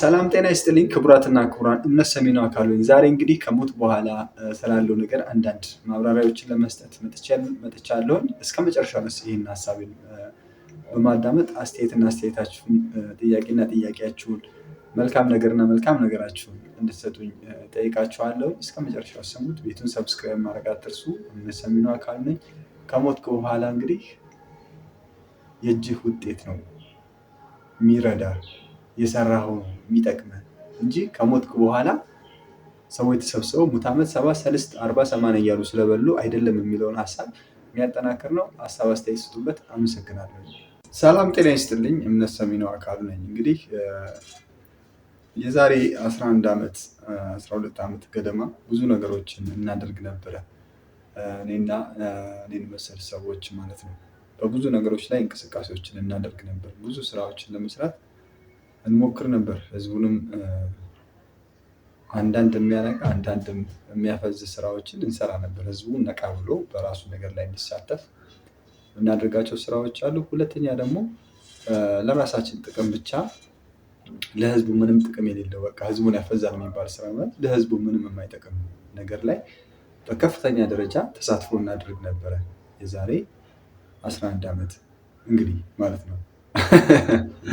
ሰላም ጤና ይስጥልኝ ክቡራትና ክቡራን እምነት ሰሜኑ አካሉ ዛሬ እንግዲህ ከሞት በኋላ ስላለው ነገር አንዳንድ ማብራሪያዎችን ለመስጠት መጥቻለሁኝ። እስከ መጨረሻ ነስ ይህን ሀሳብን በማዳመጥ አስተያየትና አስተያየታችሁን፣ ጥያቄና ጥያቄያችሁን፣ መልካም ነገርና መልካም ነገራችሁን እንድትሰጡኝ ጠይቃችኋለሁ። እስከ መጨረሻው ሰሙት። ቤቱን ሰብስክራይብ ማድረግ አትርሱ። እምነት ሰሜኑ አካል ነኝ። ከሞት በኋላ እንግዲህ የእጅህ ውጤት ነው የሚረዳ የሰራው ነው እንጂ ከሞትክ በኋላ ሰዎች ተሰብስበው ሙት ዓመት ሰባ ሰልስት አርባ ሰማንያ እያሉ ስለበሉ አይደለም የሚለውን ሀሳብ የሚያጠናክር ነው። ሀሳብ አስተያየት ስጡበት። አመሰግናለሁ። ሰላም ጤና ይስጥልኝ። እምነት ሰሚነው አካሉ ነኝ። እንግዲህ የዛሬ 11 ዓመት 12 ዓመት ገደማ ብዙ ነገሮችን እናደርግ ነበረ እኔና እኔን መሰል ሰዎች ማለት ነው። በብዙ ነገሮች ላይ እንቅስቃሴዎችን እናደርግ ነበር ብዙ ስራዎችን ለመስራት እንሞክር ነበር። ህዝቡንም አንዳንድ የሚያነቃ አንዳንድ የሚያፈዝ ስራዎችን እንሰራ ነበር። ህዝቡ ነቃ ብሎ በራሱ ነገር ላይ እንዲሳተፍ የምናደርጋቸው ስራዎች አሉ። ሁለተኛ ደግሞ ለራሳችን ጥቅም ብቻ ለህዝቡ ምንም ጥቅም የሌለው በቃ ህዝቡን ያፈዛል የሚባል ስራ ማለት ለህዝቡ ምንም የማይጠቅም ነገር ላይ በከፍተኛ ደረጃ ተሳትፎ እናደርግ ነበረ። የዛሬ 11 ዓመት እንግዲህ ማለት ነው።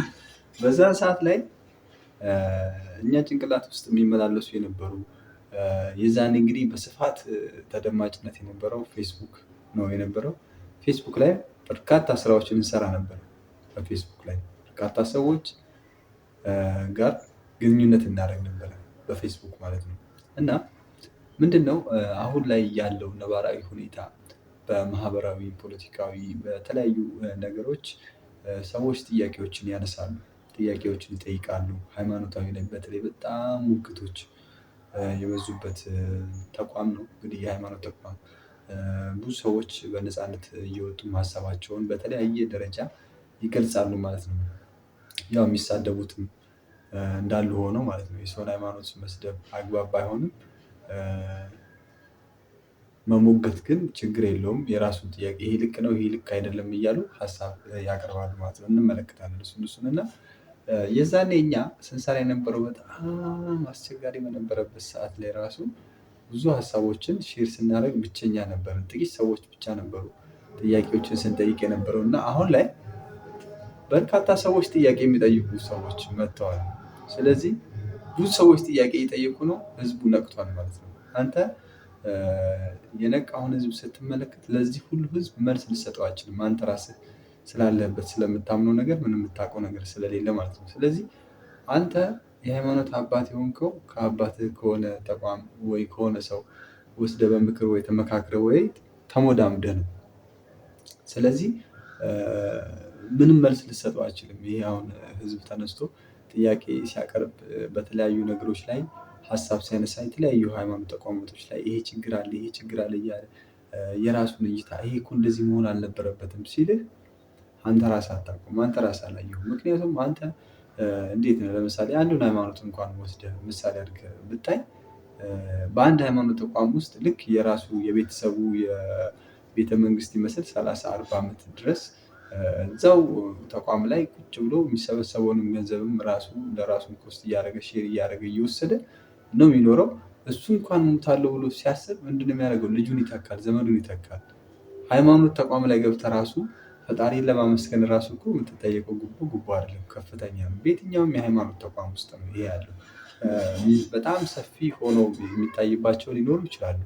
በዛ ሰዓት ላይ እኛ ጭንቅላት ውስጥ የሚመላለሱ የነበሩ የዛን እንግዲህ በስፋት ተደማጭነት የነበረው ፌስቡክ ነው የነበረው። ፌስቡክ ላይ በርካታ ስራዎችን እንሰራ ነበር። በፌስቡክ ላይ በርካታ ሰዎች ጋር ግንኙነት እናደርግ ነበረ በፌስቡክ ማለት ነው። እና ምንድን ነው አሁን ላይ ያለው ነባራዊ ሁኔታ በማህበራዊ፣ ፖለቲካዊ፣ በተለያዩ ነገሮች ሰዎች ጥያቄዎችን ያነሳሉ። ጥያቄዎችን ይጠይቃሉ ሃይማኖታዊ ላይ በተለይ በጣም ሙግቶች የበዙበት ተቋም ነው። እንግዲህ የሃይማኖት ተቋም ብዙ ሰዎች በነፃነት እየወጡ ሀሳባቸውን በተለያየ ደረጃ ይገልጻሉ ማለት ነው። ያው የሚሳደቡትም እንዳሉ ሆነው ማለት ነው የሰውን ሃይማኖት መስደብ አግባብ ባይሆንም መሞገት ግን ችግር የለውም። የራሱን ጥያቄ ይሄ ልክ ነው ይሄ ልክ አይደለም እያሉ ሀሳብ ያቀርባሉ ማለት ነው። እንመለከታለን እሱን እሱን እና የዛኔ እኛ ስንሰራ የነበረው በጣም አስቸጋሪ በነበረበት ሰዓት ላይ ራሱ ብዙ ሀሳቦችን ሼር ስናደርግ ብቸኛ ነበር። ጥቂት ሰዎች ብቻ ነበሩ ጥያቄዎችን ስንጠይቅ የነበረው እና አሁን ላይ በርካታ ሰዎች ጥያቄ የሚጠይቁ ሰዎች መጥተዋል። ስለዚህ ብዙ ሰዎች ጥያቄ እየጠየቁ ነው። ህዝቡ ነቅቷል ማለት ነው። አንተ የነቃውን ህዝብ ስትመለከት ለዚህ ሁሉ ህዝብ መልስ ልሰጠው አችልም አንተ ራስህ ስላለበት ስለምታምነው ነገር ምንም የምታውቀው ነገር ስለሌለ ማለት ነው። ስለዚህ አንተ የሃይማኖት አባት የሆንከው ከአባትህ ከሆነ ተቋም ወይ ከሆነ ሰው ወስደህ በምክር ወይ ተመካክረ ወይ ተሞዳምደ ነው። ስለዚህ ምንም መልስ ልሰጠው አይችልም። ይሄ አሁን ህዝብ ተነስቶ ጥያቄ ሲያቀርብ በተለያዩ ነገሮች ላይ ሀሳብ ሲያነሳ የተለያዩ ሃይማኖት ተቋማቶች ላይ ይሄ ችግር አለ ይሄ ችግር አለ እያለ የራሱን እይታ ይሄ እኮ እንደዚህ መሆን አልነበረበትም ሲልህ አንተ ራስህ አታውቀውም፣ አንተ ራስህ አላየሁም። ምክንያቱም አንተ እንዴት ነው ለምሳሌ አንዱን ሃይማኖት እንኳን ወስደህ ምሳሌ አድርገህ ብታይ በአንድ ሃይማኖት ተቋም ውስጥ ልክ የራሱ የቤተሰቡ የቤተ መንግስት ይመስል ሰላሳ አርባ ዓመት ድረስ እዛው ተቋም ላይ ቁጭ ብሎ የሚሰበሰበውንም ገንዘብም ራሱ ለራሱ ኮስት እያደረገ ሼር እያደረገ እየወሰደ ነው የሚኖረው። እሱ እንኳን ታለው ብሎ ሲያስብ ምንድነው የሚያደርገው? ልጁን ይተካል፣ ዘመዱን ይተካል። ሃይማኖት ተቋም ላይ ገብተህ ራሱ ፈጣሪን ለማመስገን ራሱ እኮ የምትጠየቀው ጉቦ ጉቦ አይደለም፣ ከፍተኛ ነው። በየትኛውም የሃይማኖት ተቋም ውስጥ ነው ይሄ ያለው። በጣም ሰፊ ሆኖ የሚታይባቸው ሊኖሩ ይችላሉ።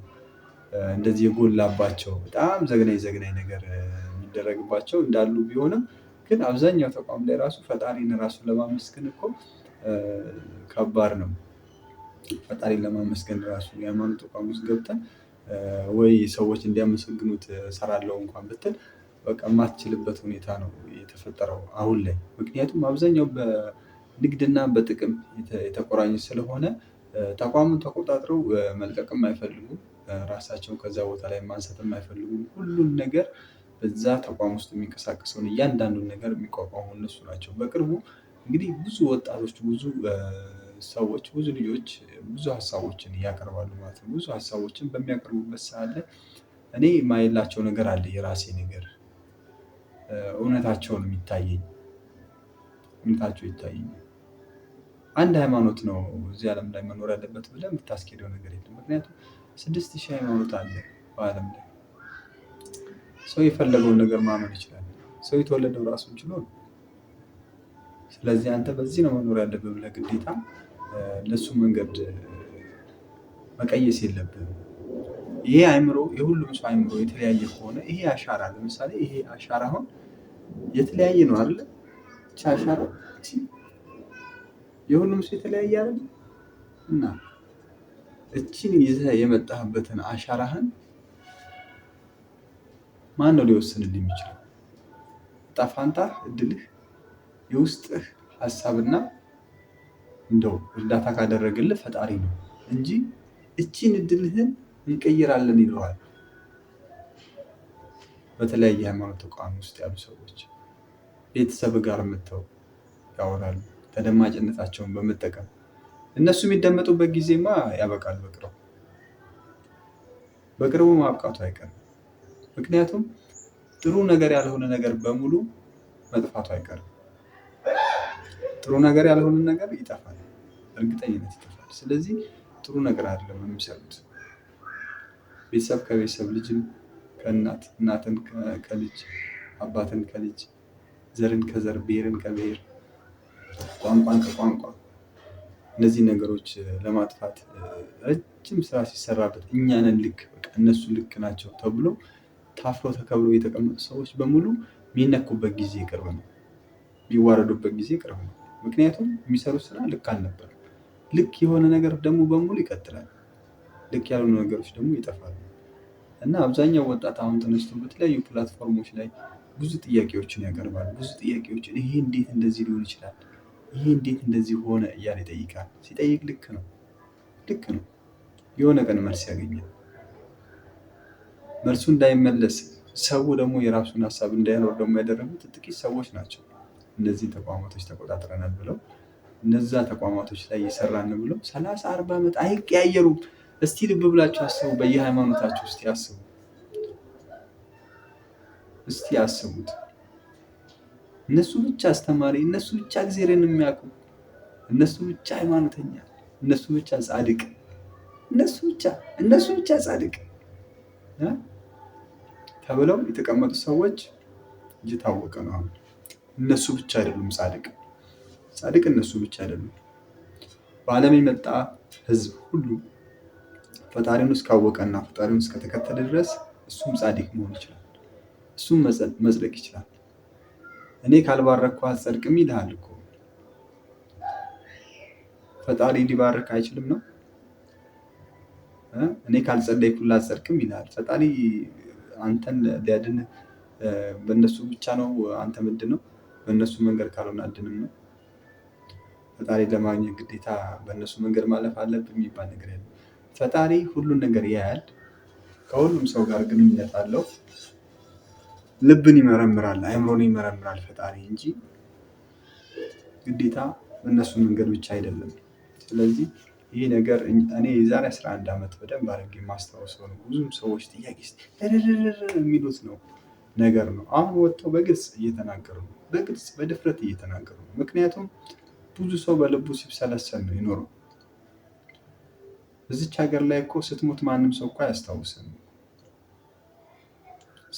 እንደዚህ የጎላባቸው በጣም ዘግናኝ ዘግናኝ ነገር የሚደረግባቸው እንዳሉ ቢሆንም ግን አብዛኛው ተቋም ላይ ራሱ ፈጣሪን ራሱን ለማመስገን እኮ ከባድ ነው። ፈጣሪን ለማመስገን ራሱ የሃይማኖት ተቋም ውስጥ ገብተን ወይ ሰዎች እንዲያመሰግኑት ሰራለው እንኳን ብትል በቃ የማትችልበት ሁኔታ ነው የተፈጠረው አሁን ላይ። ምክንያቱም አብዛኛው በንግድና በጥቅም የተቆራኘ ስለሆነ ተቋሙን ተቆጣጥረው መልቀቅም አይፈልጉም፣ ራሳቸውን ከዛ ቦታ ላይ ማንሳትም አይፈልጉም። ሁሉን ነገር በዛ ተቋም ውስጥ የሚንቀሳቀሰውን እያንዳንዱን ነገር የሚቋቋሙ እነሱ ናቸው። በቅርቡ እንግዲህ ብዙ ወጣቶች፣ ብዙ ሰዎች፣ ብዙ ልጆች ብዙ ሀሳቦችን ያቀርባሉ ማለት ነው። ብዙ ሀሳቦችን በሚያቀርቡበት ሰዓት ላይ እኔ ማየላቸው ነገር አለ የራሴ ነገር እውነታቸውን የሚታየኝ እውነታቸው ይታየኛል። አንድ ሃይማኖት ነው እዚህ ዓለም ላይ መኖር ያለበት ብለህ የምታስኬደው ነገር የለም። ምክንያቱም ስድስት ሺህ ሃይማኖት አለ በዓለም ላይ። ሰው የፈለገውን ነገር ማመን ይችላል። ሰው የተወለደው ራሱን ችሎ ስለዚህ አንተ በዚህ ነው መኖር ያለብህ ብለህ ግዴታ ለእሱ መንገድ መቀየስ የለብህም። ይሄ አይምሮ የሁሉም ሰው አእምሮ የተለያየ ከሆነ ይሄ አሻራ ለምሳሌ ይሄ አሻራ አሁን የተለያየ ነው አይደለ? ብቻ አሻራ የሁሉም ሰው የተለያየ አለ እና እችን ይዘህ የመጣህበትን አሻራህን ማን ነው ሊወስንልህ የሚችለው? ጠፋንታ እድልህ፣ የውስጥህ ሀሳብና እንደው እርዳታ ካደረግልህ ፈጣሪ ነው እንጂ እችን እድልህን እንቀይራለን ይለዋል። በተለያየ ሃይማኖት ተቋም ውስጥ ያሉ ሰዎች ቤተሰብ ጋር መጥተው ያወራሉ። ተደማጭነታቸውን በመጠቀም እነሱ የሚደመጡበት ጊዜማ ያበቃል። በቅርቡ በቅርቡ ማብቃቱ አይቀርም። ምክንያቱም ጥሩ ነገር ያልሆነ ነገር በሙሉ መጥፋቱ አይቀርም። ጥሩ ነገር ያልሆነ ነገር ይጠፋል፣ እርግጠኝነት ይጠፋል። ስለዚህ ጥሩ ነገር አይደለም የሚሰሩት ቤተሰብ ከቤተሰብ ልጅም ከእናት እናትን ከልጅ አባትን ከልጅ ዘርን ከዘር ብሔርን ከብሔር ቋንቋን ከቋንቋ እነዚህ ነገሮች ለማጥፋት ረጅም ስራ ሲሰራበት እኛንን ልክ እነሱ ልክ ናቸው ተብሎ ታፍሮ ተከብሎ የተቀመጡ ሰዎች በሙሉ የሚነኩበት ጊዜ ቅርብ ነው። የሚዋረዱበት ጊዜ ቅርብ ነው። ምክንያቱም የሚሰሩት ስራ ልክ አልነበረም። ልክ የሆነ ነገር ደግሞ በሙሉ ይቀጥላል። ልክ ያሉ ነገሮች ደግሞ ይጠፋሉ። እና አብዛኛው ወጣት አሁን ተነስቶ በተለያዩ ፕላትፎርሞች ላይ ብዙ ጥያቄዎችን ያቀርባል። ብዙ ጥያቄዎችን ይሄ እንዴት እንደዚህ ሊሆን ይችላል፣ ይሄ እንዴት እንደዚህ ሆነ እያለ ይጠይቃል። ሲጠይቅ ልክ ነው ልክ ነው፣ የሆነ ቀን መልስ ያገኛል። መልሱ እንዳይመለስ ሰው ደግሞ የራሱን ሀሳብ እንዳይኖር ደግሞ ያደረጉት ጥቂት ሰዎች ናቸው። እነዚህ ተቋማቶች ተቆጣጥረናል ብለው እነዛ ተቋማቶች ላይ እየሰራን ብለው ሰላሳ አርባ ዓመት አይቀያየሩም። እስቲ ልብ ብላችሁ አስቡ። በየሃይማኖታችሁ እስቲ አስቡ፣ እስቲ አስቡት። እነሱ ብቻ አስተማሪ፣ እነሱ ብቻ እግዚአብሔርን የሚያውቁ፣ እነሱ ብቻ ሃይማኖተኛ፣ እነሱ ብቻ ጻድቅ፣ እነሱ ብቻ እነሱ ብቻ ጻድቅ ተብለው የተቀመጡ ሰዎች እየታወቀ ነው። ነው። እነሱ ብቻ አይደሉም ጻድቅ ጻድቅ እነሱ ብቻ አይደሉም። በዓለም የመጣ ህዝብ ሁሉ ፈጣሪውን እስካወቀና ፈጣሪውን እስከተከተለ ድረስ እሱም ጻድቅ መሆን ይችላል። እሱም መጽደቅ ይችላል። እኔ ካልባረኩ አልጸድቅም ይልሃል እኮ። ፈጣሪ ሊባርክ አይችልም ነው? እኔ ካልጸለይኩ ላትጸድቅም ይልሃል። ፈጣሪ አንተን ሊያድን በእነሱ ብቻ ነው አንተ ምንድን ነው? በእነሱ መንገድ ካልሆነ አድንም ነው። ፈጣሪ ለማግኘት ግዴታ በእነሱ መንገድ ማለፍ አለብን የሚባል ነገር ያለ ፈጣሪ ሁሉን ነገር ያያል። ከሁሉም ሰው ጋር ግንኙነት አለው። ልብን ይመረምራል፣ አእምሮን ይመረምራል ፈጣሪ እንጂ ግዴታ እነሱ መንገድ ብቻ አይደለም። ስለዚህ ይህ ነገር እኔ የዛሬ 11 ዓመት በደንብ አድርጌ የማስታውሰው ነው። ብዙም ሰዎች ጥያቄ የሚሉት ነው ነገር ነው። አሁን ወጥተው በግልጽ እየተናገሩ ነው፣ በግልጽ በድፍረት እየተናገሩ ነው። ምክንያቱም ብዙ ሰው በልቡ ሲብሰለሰል ነው ይኖረው። እዚች ሀገር ላይ እኮ ስትሞት ማንም ሰው እኮ አያስታውስም።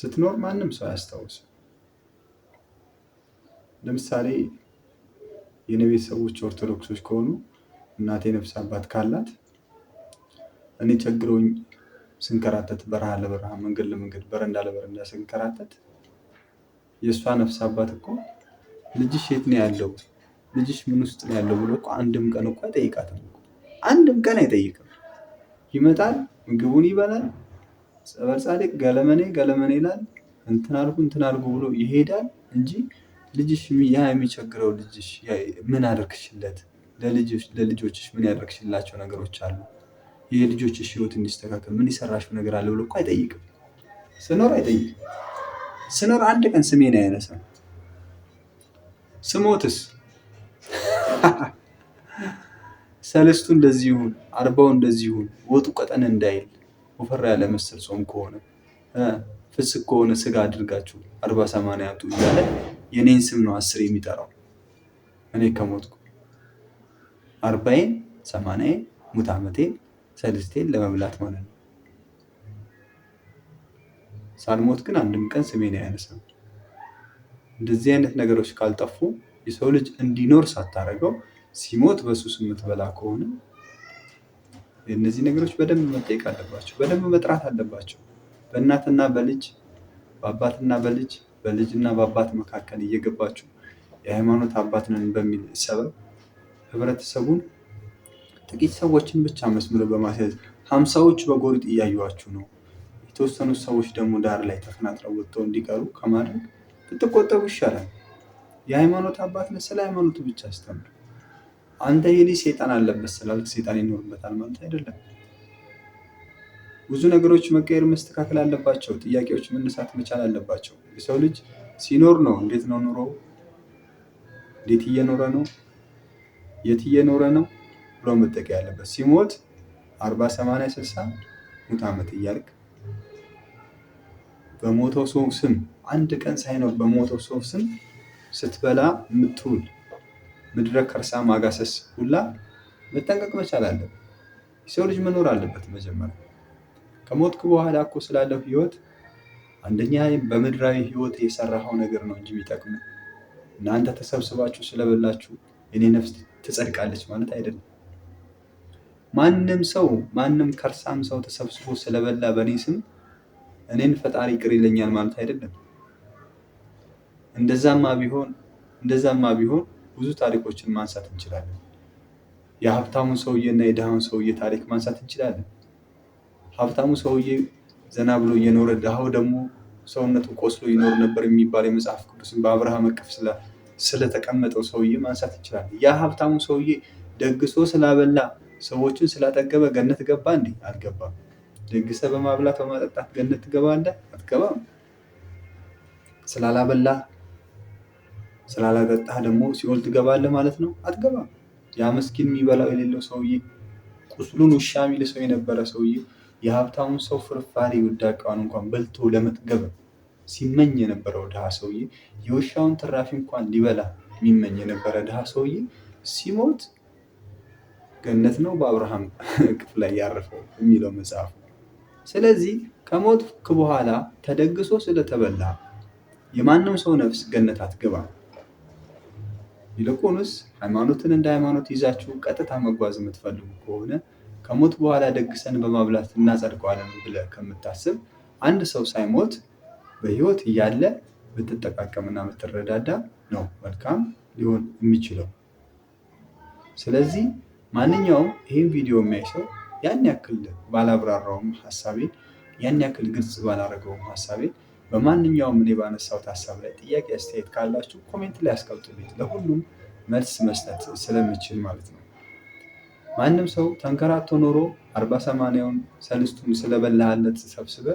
ስትኖር ማንም ሰው አያስታውስም። ለምሳሌ የኔ ቤተሰቦች ኦርቶዶክሶች ከሆኑ እናቴ ነፍስ አባት ካላት እኔ ቸግረኝ ስንከራተት በረሃ ለበረሃ መንገድ ለመንገድ በረንዳ ለበረንዳ ስንከራተት የእሷ ነፍስ አባት እኮ ልጅሽ የት ነው ያለው፣ ልጅሽ ምን ውስጥ ነው ያለው ብሎ አንድም ቀን እኮ አይጠይቃትም። አንድም ቀን አይጠይቅም። ይመጣል፣ ምግቡን ይበላል። ጸበል ጻድቅ ገለመኔ ገለመኔ ይላል። እንትን አልኩ እንትን አልኩ ብሎ ይሄዳል እንጂ ልጅሽ ያ የሚቸግረው ልጅሽ ምን አደርግሽለት? ለልጆችሽ ምን ያደርግሽላቸው ነገሮች አሉ? ይሄ ልጆችሽ ህይወት እንዲስተካከል ምን ይሰራሽው ነገር አለ ብሎ እኮ አይጠይቅም። ስኖር አይጠይቅም። ስኖር አንድ ቀን ስሜን አያነሳም። ስሞትስ ሰለስቱ እንደዚህ ይሁን፣ አርባው እንደዚህ ይሁን፣ ወጡ ቀጠን እንዳይል ወፈራ ያለ መሰል ጾም ከሆነ ፍስክ ከሆነ ስጋ አድርጋችሁ አርባ ሰማንያ አምጡ እያለ የኔን ስም ነው አስር የሚጠራው። እኔ ከሞትኩ አርባዬን ሰማንያዬን ሙት ዓመቴን ሰልስቴን ለመብላት ማለት ነው። ሳልሞት ግን አንድም ቀን ስሜን አያነሳም። እንደዚህ አይነት ነገሮች ካልጠፉ የሰው ልጅ እንዲኖር ሳታደርገው ሲሞት በሱስ የምትበላ ከሆነ እነዚህ ነገሮች በደንብ መጠየቅ አለባቸው፣ በደንብ መጥራት አለባቸው። በእናትና በልጅ በአባትና በልጅ በልጅና በአባት መካከል እየገባችሁ የሃይማኖት አባት ነን በሚል ሰበብ ህብረተሰቡን ጥቂት ሰዎችን ብቻ መስምር በማስያዝ ሀምሳዎች በጎሪጥ እያዩዋችሁ ነው። የተወሰኑት ሰዎች ደግሞ ዳር ላይ ተፈናጥረው ወጥተው እንዲቀሩ ከማድረግ ብትቆጠቡ ይሻላል። የሃይማኖት አባት ስለ ሃይማኖቱ ብቻ አስተምር። አንተ ይሄ ልጅ ሴጣን አለበት ስላልክ ሴጣን ይኖርበታል ማለት አይደለም። ብዙ ነገሮች መቀየር፣ መስተካከል አለባቸው። ጥያቄዎች መነሳት መቻል አለባቸው። የሰው ልጅ ሲኖር ነው እንዴት ነው ኑሮ፣ እንዴት እየኖረ ነው፣ የት እየኖረ ነው ብሎ መጠቀ ያለበት። ሲሞት አርባ ሰማንያ ስልሳ ሙት ዓመት እያልክ በሞተው ሰው ስም አንድ ቀን ሳይኖር በሞተው ሰው ስም ስትበላ የምትውል ምድረ ከርሳ ማጋሰስ ሁላ መጠንቀቅ መቻል አለብን። የሰው ልጅ መኖር አለበት። መጀመሪያ ከሞትክ በኋላ እኮ ስላለው ህይወት አንደኛ በምድራዊ ህይወት የሰራኸው ነገር ነው እንጂ የሚጠቅም እናንተ ተሰብስባችሁ ስለበላችሁ እኔ ነፍስ ትጸድቃለች ማለት አይደለም። ማንም ሰው ማንም ከርሳም ሰው ተሰብስቦ ስለበላ በእኔ ስም እኔን ፈጣሪ ይቅር ይለኛል ማለት አይደለም። እንደዛማ ቢሆን እንደዛማ ቢሆን ብዙ ታሪኮችን ማንሳት እንችላለን። ሰውዬ እና የድሃውን ሰውዬ ታሪክ ማንሳት እንችላለን። ሀብታሙ ሰውዬ ዘና ብሎ እየኖረ ድሃው ደግሞ ሰውነቱ ቆስሎ ይኖር ነበር የሚባል የመጽሐፍ ቅዱስን በአብርሃም እቅፍ ስለተቀመጠው ሰውዬ ማንሳት እንችላለን። ያ ሀብታሙ ሰውዬ ደግሶ ስላበላ ሰዎችን ስላጠገበ ገነት ገባ እንዴ? አልገባም። ደግሰ በማብላት በማጠጣት ገነት ትገባለህ? አትገባም። ስላላበላ ስላላጠጣህ ደግሞ ሲኦል ትገባለህ ማለት ነው? አትገባም። ያ ምስኪን የሚበላው የሌለው ሰውዬ ቁስሉን ውሻ የሚል ሰው የነበረ ሰውዬ የሀብታሙን ሰው ፍርፋሪ ውዳቀዋን እንኳን በልቶ ለመጥገብ ሲመኝ የነበረው ድሃ ሰውዬ የውሻውን ትራፊ እንኳን ሊበላ የሚመኝ የነበረ ድሃ ሰውዬ ሲሞት ገነት ነው በአብርሃም እቅፍ ላይ ያረፈው የሚለው መጽሐፉ። ስለዚህ ከሞት በኋላ ተደግሶ ስለተበላ የማንም ሰው ነፍስ ገነት አትገባም። ይልቁንስ ሃይማኖትን እንደ ሃይማኖት ይዛችሁ ቀጥታ መጓዝ የምትፈልጉ ከሆነ ከሞት በኋላ ደግሰን በማብላት እናጸድቀዋለን ብለህ ከምታስብ አንድ ሰው ሳይሞት በህይወት እያለ ብትጠቃቀምና ብትረዳዳ ነው መልካም ሊሆን የሚችለው። ስለዚህ ማንኛውም ይህን ቪዲዮ የሚያይ ሰው ያን ያክል ባላብራራውም ሀሳቤን ያን ያክል ግልጽ ባላረገውም ሀሳቤን በማንኛውም እኔ ባነሳሁት ሀሳብ ላይ ጥያቄ፣ አስተያየት ካላችሁ ኮሜንት ላይ ያስቀምጡልኝ። ለሁሉም መልስ መስጠት ስለምችል ማለት ነው። ማንም ሰው ተንከራቶ ኖሮ አርባ ሰማንያውን ሰልስቱን ስለበላህለት ሰብስበ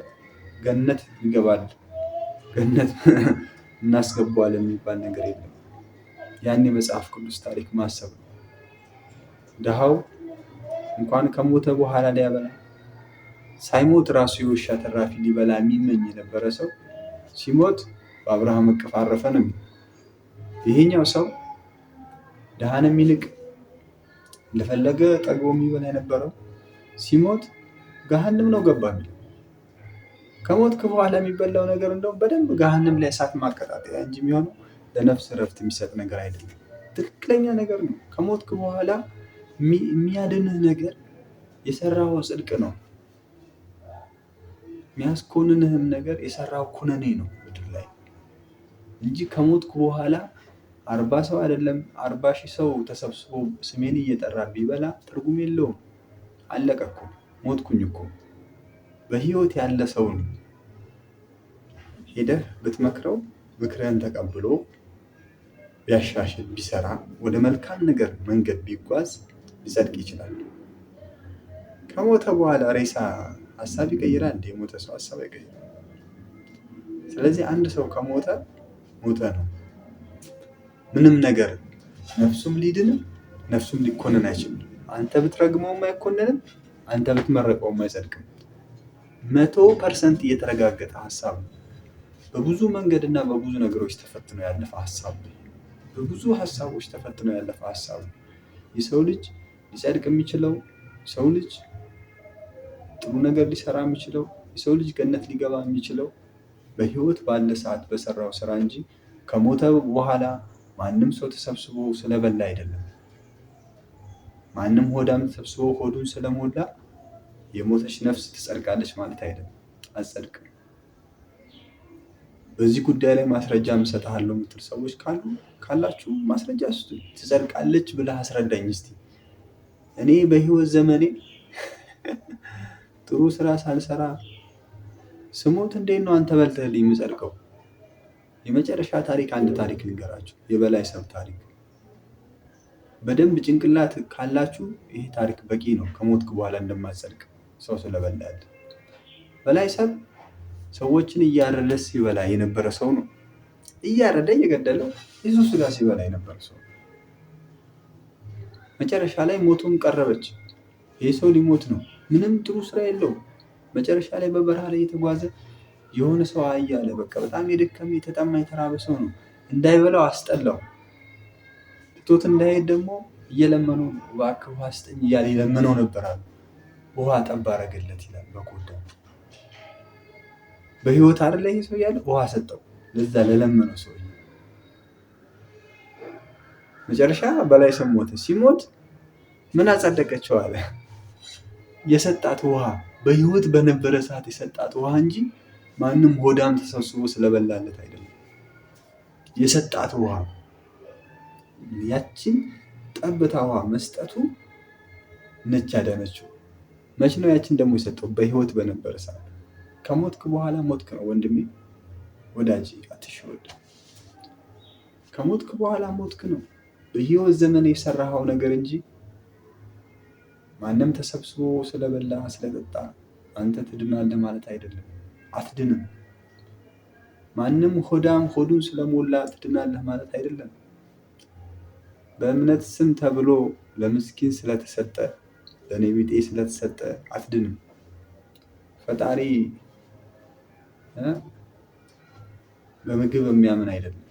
ገነት ይገባል ገነት እናስገባዋለን የሚባል ነገር የለም። ያን የመጽሐፍ ቅዱስ ታሪክ ማሰብ ነው። ድሃው እንኳን ከሞተ በኋላ ሊያበላ ሳይሞት ራሱ የውሻ ተራፊ ሊበላ የሚመኝ የነበረ ሰው ሲሞት በአብርሃም እቅፍ አረፈ ነው። ይሄኛው ሰው ድሃን የሚንቅ እንደፈለገ ጠግቦ የሚበላ የነበረው ሲሞት ገሃንም ነው ገባ የሚለው ከሞትክ በኋላ የሚበላው ነገር እንደውም በደንብ ገሃንም ላይ እሳት ማቀጣጠያ እንጂ የሚሆነው ለነፍስ እረፍት የሚሰጥ ነገር አይደለም። ትክክለኛ ነገር ነው። ከሞትክ በኋላ የሚያድንህ ነገር የሰራኸው ጽድቅ ነው። የሚያስኮንንህም ነገር የሰራው ኩነኔ ነው ምድር ላይ እንጂ ከሞትኩ በኋላ አርባ ሰው አይደለም አርባ ሺህ ሰው ተሰብስቦ ስሜን እየጠራ ቢበላ ትርጉም የለውም። አለቀ እኮ ሞትኩኝ እኮ። በህይወት ያለ ሰው ሄደህ ብትመክረው ምክርህን ተቀብሎ ቢያሻሽል ቢሰራ ወደ መልካም ነገር መንገድ ቢጓዝ ሊጸድቅ ይችላል። ከሞተ በኋላ ሬሳ ሀሳብ ይቀይራል? እንደ የሞተ ሰው ሀሳብ አይቀይርም። ስለዚህ አንድ ሰው ከሞተ ሞተ ነው። ምንም ነገር ነፍሱም ሊድንም ነፍሱም ሊኮነን አይችልም። አንተ ብትረግመውም አይኮነንም፣ አንተ ብትመረቀውም አይጸድቅም። መቶ ፐርሰንት እየተረጋገጠ ሀሳብ ነው። በብዙ መንገድ እና በብዙ ነገሮች ተፈትኖ ያለፈ ሀሳብ ነው። በብዙ ሀሳቦች ተፈትኖ ያለፈ ሀሳብ ነው። የሰው ልጅ ሊጸድቅ የሚችለው ሰው ልጅ ጥሩ ነገር ሊሰራ የሚችለው የሰው ልጅ ገነት ሊገባ የሚችለው በህይወት ባለ ሰዓት በሰራው ስራ እንጂ ከሞተ በኋላ ማንም ሰው ተሰብስቦ ስለበላ አይደለም። ማንም ሆዳም ተሰብስቦ ሆዱን ስለሞላ የሞተች ነፍስ ትጸድቃለች ማለት አይደለም፣ አጸድቅም። በዚህ ጉዳይ ላይ ማስረጃ እሰጥሃለሁ የምትል ሰዎች ካሉ ካላችሁ ማስረጃ ስ ትጸድቃለች ብለህ አስረዳኝ እስቲ እኔ በህይወት ዘመኔ ጥሩ ስራ ሳልሰራ ስሞት እንዴት ነው አንተ በልተህልኝ የምጸድቀው? የመጨረሻ ታሪክ አንድ ታሪክ ልንገራችሁ፣ የበላይ ሰብ ታሪክ። በደንብ ጭንቅላት ካላችሁ ይሄ ታሪክ በቂ ነው፣ ከሞትክ በኋላ እንደማጸድቅ ሰው ስለበላል። በላይ ሰብ ሰዎችን እያረደ ሲበላ የነበረ ሰው ነው። እያረደ እየገደለ ይዙ ስጋ ሲበላ የነበረ ሰው ነው። መጨረሻ ላይ ሞቱን ቀረበች። ይህ ሰው ሊሞት ነው። ምንም ጥሩ ስራ የለውም። መጨረሻ ላይ በበረሃ ላይ የተጓዘ የሆነ ሰው አይ አለ። በቃ በጣም የደከመ የተጠማ የተራበ ሰው ነው። እንዳይበላው አስጠላው። ትቶት እንዳይሄድ ደግሞ እየለመነው ነው። እባክህ ውሃ ስጠኝ እያለ የለመነው ነበራል። ውሃ ጠብ አደረገለት ይላል በኮዳ በህይወት አይደለ ይሄ ሰው እያለ ውሃ ሰጠው ለዛ ለለመነው ሰው። መጨረሻ በላይ ሰው ሞተ። ሲሞት ምን አጸደቀችው አለ የሰጣት ውሃ በህይወት በነበረ ሰዓት የሰጣት ውሃ እንጂ ማንም ሆዳም ተሰብስቦ ስለበላለት አይደለም። የሰጣት ውሃ ያችን ጠብታ ውሃ መስጠቱ ነች ያዳነችው። መች ነው ያችን ደግሞ የሰጠው? በህይወት በነበረ ሰዓት። ከሞትክ በኋላ ሞትክ ነው ወንድሜ፣ ወዳጅ አትሸወድ። ከሞትክ በኋላ ሞትክ ነው። በህይወት ዘመን የሰራኸው ነገር እንጂ ማንም ተሰብስቦ ስለበላ ስለጠጣ አንተ ትድናለህ ማለት አይደለም፣ አትድንም። ማንም ሆዳም ሆዱን ስለሞላ ትድናለህ ማለት አይደለም። በእምነት ስም ተብሎ ለምስኪን ስለተሰጠ ለእኔ ቢጤ ስለተሰጠ አትድንም። ፈጣሪ በምግብ የሚያምን አይደለም።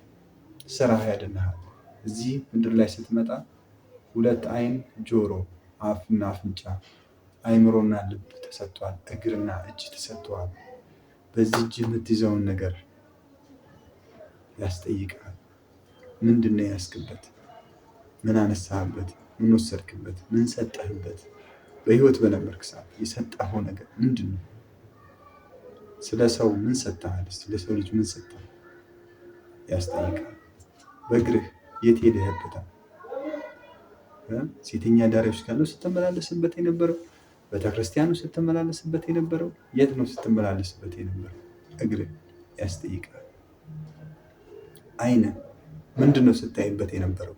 ስራ ያድንሃል። እዚህ ምድር ላይ ስትመጣ ሁለት አይን ጆሮ አፍና አፍንጫ፣ አይምሮና ልብ ተሰጥቷል። እግርና እጅ ተሰጥተዋል። በዚህ እጅ የምትይዘውን ነገር ያስጠይቃል። ምንድን ነው ያስክበት? ምን አነሳህበት? ምን ወሰድክበት? ምን ሰጠህበት? በህይወት በነበርክ ሰዓት የሰጠኸው ነገር ምንድን ነው? ስለ ሰው ምን ሰጥተሃል? ስለ ሰው ልጅ ምን ሰጥተሃል? ያስጠይቃል። በእግርህ የት ሄደህበታል? ሴተኛ አዳሪዎች ጋር ነው ስትመላለስበት የነበረው? ቤተክርስቲያኑ ስትመላለስበት የነበረው? የት ነው ስትመላለስበት የነበረው? እግር ያስጠይቃል። አይነ ምንድን ነው ስታይበት የነበረው?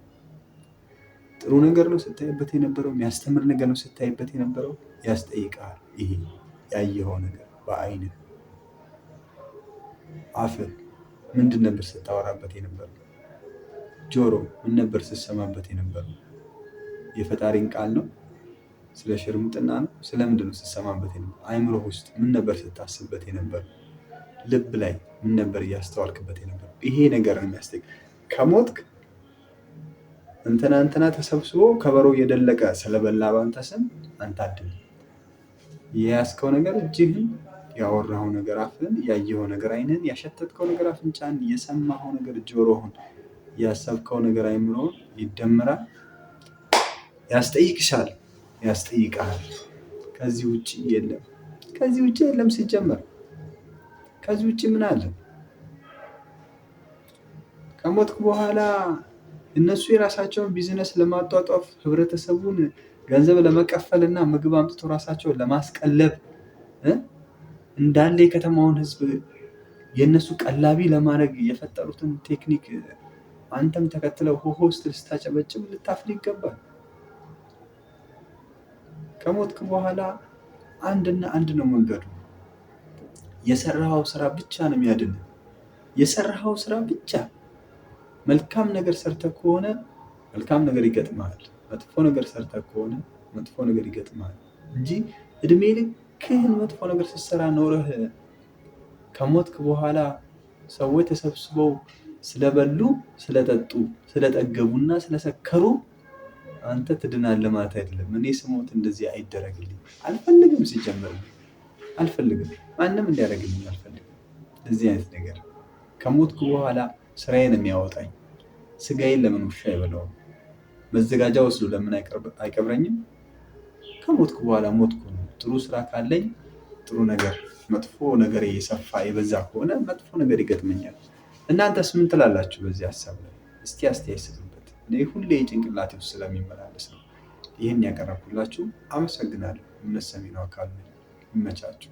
ጥሩ ነገር ነው ስታይበት የነበረው? የሚያስተምር ነገር ነው ስታይበት የነበረው? ያስጠይቃል። ይሄ ያየኸው ነገር በአይነ አፍ ምንድን ነበር ስታወራበት የነበረው? ጆሮ ምን ነበር ስትሰማበት የነበረው? የፈጣሪን ቃል ነው? ስለ ሽርሙጥና ነው? ስለምንድን ነው ስትሰማበት የነበር? አይምሮ ውስጥ ምን ነበር ስታስብበት የነበር? ልብ ላይ ምን ነበር እያስተዋልክበት የነበር? ይሄ ነገር ነው የሚያስጠይቅ። ከሞትክ እንትና እንትና ተሰብስቦ ከበሮ እየደለቀ ስለበላ ባንተ ስም አንተ አድን የያዝከው ነገር እጅህን ያወራው ነገር አፍን፣ ያየኸው ነገር አይንን፣ ያሸተትከው ነገር አፍንጫን፣ የሰማኸው ነገር ጆሮህን፣ ያሰብከው ነገር አይምሮ ይደመራል። ያስጠይቅሻል፣ ያስጠይቃል። ከዚህ ውጭ የለም፣ ከዚህ ውጭ የለም። ሲጀመር ከዚህ ውጭ ምን አለ? ከሞትክ በኋላ እነሱ የራሳቸውን ቢዝነስ ለማጧጧፍ ህብረተሰቡን ገንዘብ ለመቀፈል እና ምግብ አምጥቶ ራሳቸውን ለማስቀለብ እንዳለ የከተማውን ህዝብ የእነሱ ቀላቢ ለማድረግ የፈጠሩትን ቴክኒክ አንተም ተከትለው ሆሆ ስትል ልታፍል ይገባል። ከሞትክ በኋላ አንድና አንድ ነው መንገዱ። የሰራኸው ስራ ብቻ ነው የሚያድን። የሰራኸው ስራ ብቻ። መልካም ነገር ሰርተህ ከሆነ መልካም ነገር ይገጥመሃል፣ መጥፎ ነገር ሰርተህ ከሆነ መጥፎ ነገር ይገጥመሃል እንጂ እድሜ ልክህን መጥፎ ነገር ስትሰራ ኖረህ ከሞትክ በኋላ ሰዎች ተሰብስበው ስለበሉ ስለጠጡ ስለጠገቡና ስለሰከሩ አንተ ትድናለህ ማለት አይደለም። እኔ ስሞት እንደዚህ አይደረግልኝ አልፈልግም። ሲጀምር አልፈልግም፣ ማንም እንዲያደርግልኝ አልፈልግም። እንደዚህ አይነት ነገር ከሞትኩ በኋላ ስራዬን የሚያወጣኝ ስጋዬን ለምን ውሻ አይበላውም? መዘጋጃ ወስዶ ለምን አይቀብረኝም? ከሞትኩ በኋላ ሞትኩ ነው። ጥሩ ስራ ካለኝ ጥሩ ነገር፣ መጥፎ ነገር እየሰፋ የበዛ ከሆነ መጥፎ ነገር ይገጥመኛል። እናንተስ ምን ትላላችሁ በዚህ ሀሳብ ላይ? እስቲ አስተያየት ስጡ። እኔ ሁሌ ጭንቅላቴ ውስጥ ስለሚመላለስ ነው። ይህን ያቀረብኩላችሁ አመሰግናለሁ። እምነት ሰሚ ነው አካል ይመቻችሁ።